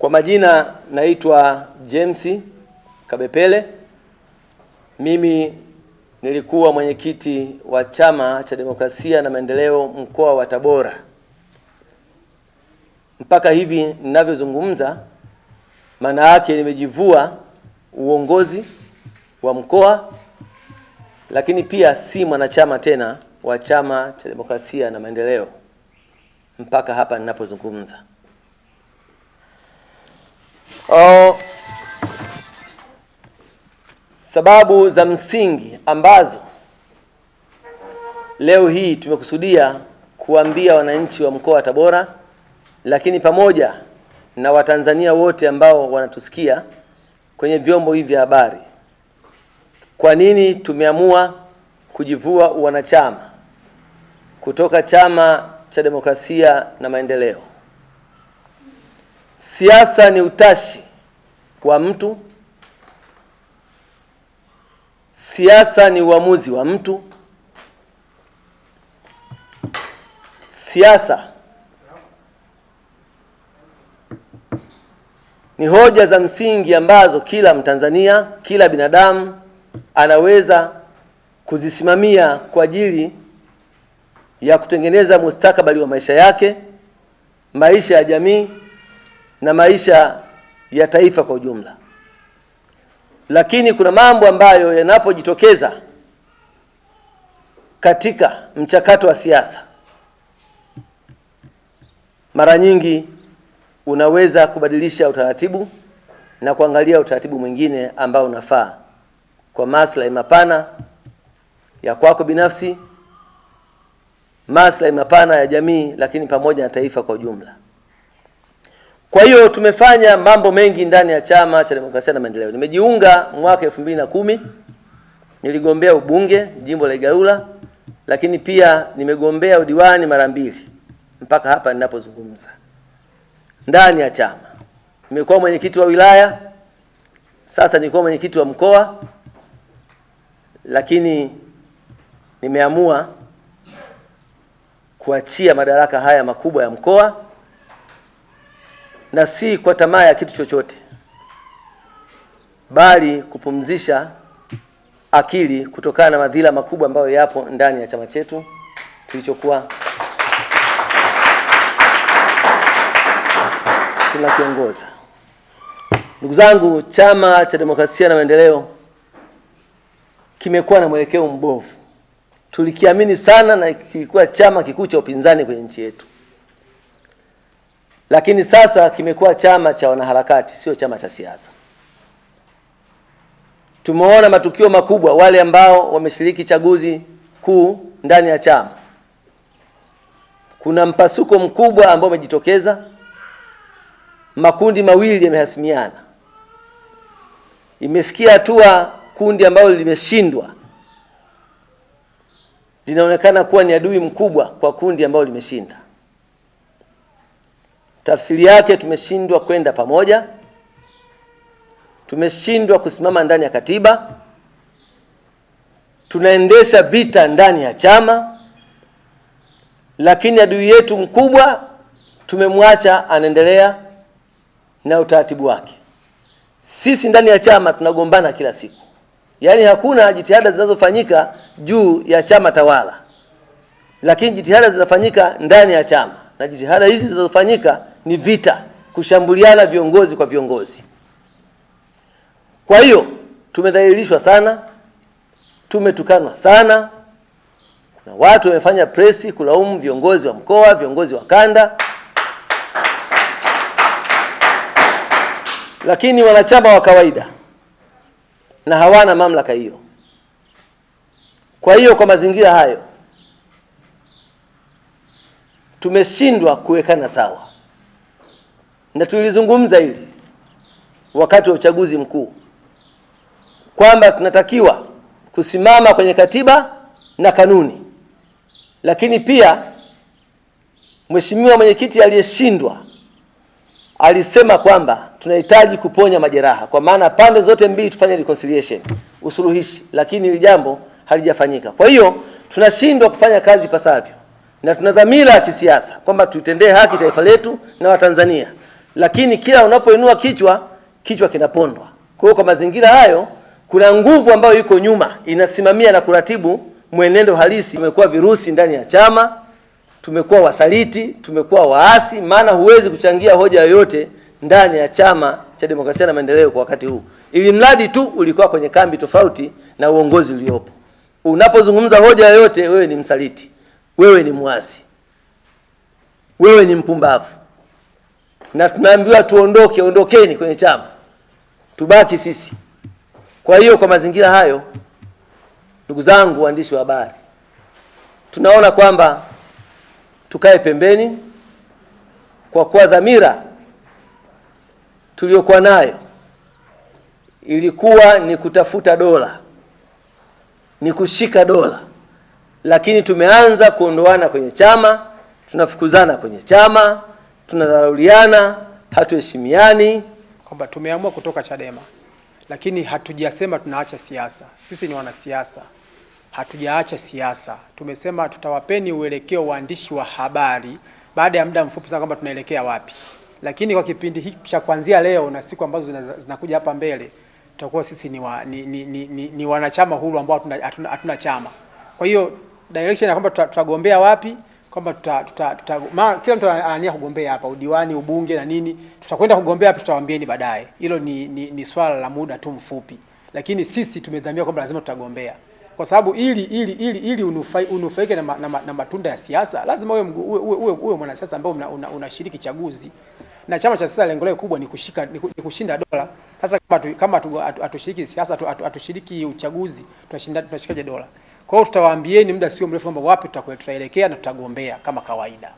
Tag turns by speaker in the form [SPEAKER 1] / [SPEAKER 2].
[SPEAKER 1] Kwa majina naitwa James Kabepele. Mimi nilikuwa mwenyekiti wa Chama cha Demokrasia na Maendeleo mkoa wa Tabora. Mpaka hivi ninavyozungumza, maana yake nimejivua uongozi wa mkoa, lakini pia si mwanachama tena wa Chama cha Demokrasia na Maendeleo mpaka hapa ninapozungumza. Oh, sababu za msingi ambazo leo hii tumekusudia kuambia wananchi wa mkoa wa Tabora, lakini pamoja na Watanzania wote ambao wanatusikia kwenye vyombo hivi vya habari, kwa nini tumeamua kujivua wanachama kutoka Chama cha Demokrasia na Maendeleo. Siasa ni utashi wa mtu, siasa ni uamuzi wa mtu, siasa ni hoja za msingi ambazo kila Mtanzania, kila binadamu anaweza kuzisimamia kwa ajili ya kutengeneza mustakabali wa maisha yake, maisha ya jamii na maisha ya taifa kwa ujumla. Lakini kuna mambo ambayo yanapojitokeza katika mchakato wa siasa, mara nyingi unaweza kubadilisha utaratibu na kuangalia utaratibu mwingine ambao unafaa kwa maslahi mapana ya kwako binafsi, maslahi mapana ya jamii, lakini pamoja na taifa kwa ujumla. Kwa hiyo tumefanya mambo mengi ndani ya Chama cha Demokrasia na Maendeleo. Nimejiunga mwaka elfu mbili na kumi, niligombea ubunge jimbo la Igalula, lakini pia nimegombea udiwani mara mbili mpaka hapa ninapozungumza. Ndani ya chama nimekuwa mwenyekiti wa wilaya, sasa nilikuwa mwenyekiti wa mkoa, lakini nimeamua kuachia madaraka haya makubwa ya mkoa na si kwa tamaa ya kitu chochote, bali kupumzisha akili kutokana na madhila makubwa ambayo yapo ndani ya chama chetu tulichokuwa tunakiongoza. Ndugu zangu, Chama cha Demokrasia na Maendeleo kimekuwa na mwelekeo mbovu. Tulikiamini sana na kilikuwa chama kikuu cha upinzani kwenye nchi yetu lakini sasa kimekuwa chama cha wanaharakati, sio chama cha siasa. Tumeona matukio makubwa, wale ambao wameshiriki chaguzi kuu ndani ya chama, kuna mpasuko mkubwa ambao umejitokeza. Makundi mawili yamehasimiana, imefikia hatua kundi ambalo limeshindwa linaonekana kuwa ni adui mkubwa kwa kundi ambalo limeshinda. Tafsiri yake tumeshindwa kwenda pamoja, tumeshindwa kusimama ndani ya katiba, tunaendesha vita ndani ya chama, lakini adui yetu mkubwa tumemwacha anaendelea na utaratibu wake. Sisi ndani ya chama tunagombana kila siku, yaani hakuna jitihada zinazofanyika juu ya chama tawala, lakini jitihada zinafanyika ndani ya chama na jitihada hizi zinazofanyika ni vita, kushambuliana viongozi kwa viongozi. Kwa hiyo tumedhalilishwa sana, tumetukanwa sana. Kuna watu wamefanya presi kulaumu viongozi wa mkoa, viongozi wa kanda, lakini wanachama wa kawaida na hawana mamlaka hiyo. Kwa hiyo kwa mazingira hayo tumeshindwa kuwekana sawa na tulizungumza hili wakati wa uchaguzi mkuu kwamba tunatakiwa kusimama kwenye katiba na kanuni, lakini pia mheshimiwa mwenyekiti aliyeshindwa alisema kwamba tunahitaji kuponya majeraha, kwa maana pande zote mbili tufanye reconciliation, usuluhishi, lakini hili jambo halijafanyika. Kwa hiyo tunashindwa kufanya kazi pasavyo, na tuna dhamira ya kisiasa kwamba tuitendee haki taifa letu na Watanzania lakini kila unapoinua kichwa kichwa kinapondwa. Kwa hiyo kwa mazingira hayo, kuna nguvu ambayo iko nyuma inasimamia na kuratibu mwenendo halisi. Tumekuwa virusi ndani ya chama, tumekuwa wasaliti, tumekuwa waasi, maana huwezi kuchangia hoja yoyote ndani ya chama cha demokrasia na maendeleo kwa wakati huu, ili mradi tu ulikuwa kwenye kambi tofauti na uongozi uliopo. Unapozungumza hoja yoyote, wewe ni msaliti, wewe ni mwasi, wewe ni mpumbavu na tunaambiwa tuondoke, ondokeni kwenye chama, tubaki sisi. Kwa hiyo kwa mazingira hayo, ndugu zangu waandishi wa habari, tunaona kwamba tukae pembeni, kwa kuwa dhamira tuliyokuwa nayo ilikuwa ni kutafuta dola, ni kushika dola, lakini tumeanza kuondoana kwenye chama, tunafukuzana kwenye chama tunadharauliana, hatuheshimiani,
[SPEAKER 2] kwamba tumeamua kutoka Chadema, lakini hatujasema tunaacha siasa. Sisi ni wanasiasa, hatujaacha siasa. Tumesema tutawapeni uelekeo waandishi wa habari baada ya muda mfupi sana kwamba tunaelekea wapi, lakini kwa kipindi hiki cha kuanzia leo na siku ambazo zinakuja hapa mbele tutakuwa sisi ni, wa, ni, ni, ni, ni, ni wanachama huru ambao hatuna, hatuna, hatuna chama. Kwa hiyo direction ya kwamba tutagombea wapi kwamba tuta, tuta, tuta ma, kila mtu anania kugombea hapa udiwani, ubunge na nini, tutakwenda kugombea hapa, tutawaambieni baadaye. Hilo ni, ni, ni swala la muda tu mfupi, lakini sisi tumedhamia kwamba lazima tutagombea kwa sababu ili ili ili ili unufai, unufaike na, ma, na, ma, na matunda ya siasa lazima uwe uwe, uwe, uwe mwanasiasa ambaye unashiriki una, una chaguzi na chama cha siasa lengo lake kubwa ni kushika ni kushinda dola. Sasa kama tu, kama hatushiriki siasa hatushiriki uchaguzi, tunashinda tunashikaje dola? Kwa hiyo tutawaambieni muda sio mrefu kwamba wapi tutaelekea na tutagombea kama kawaida.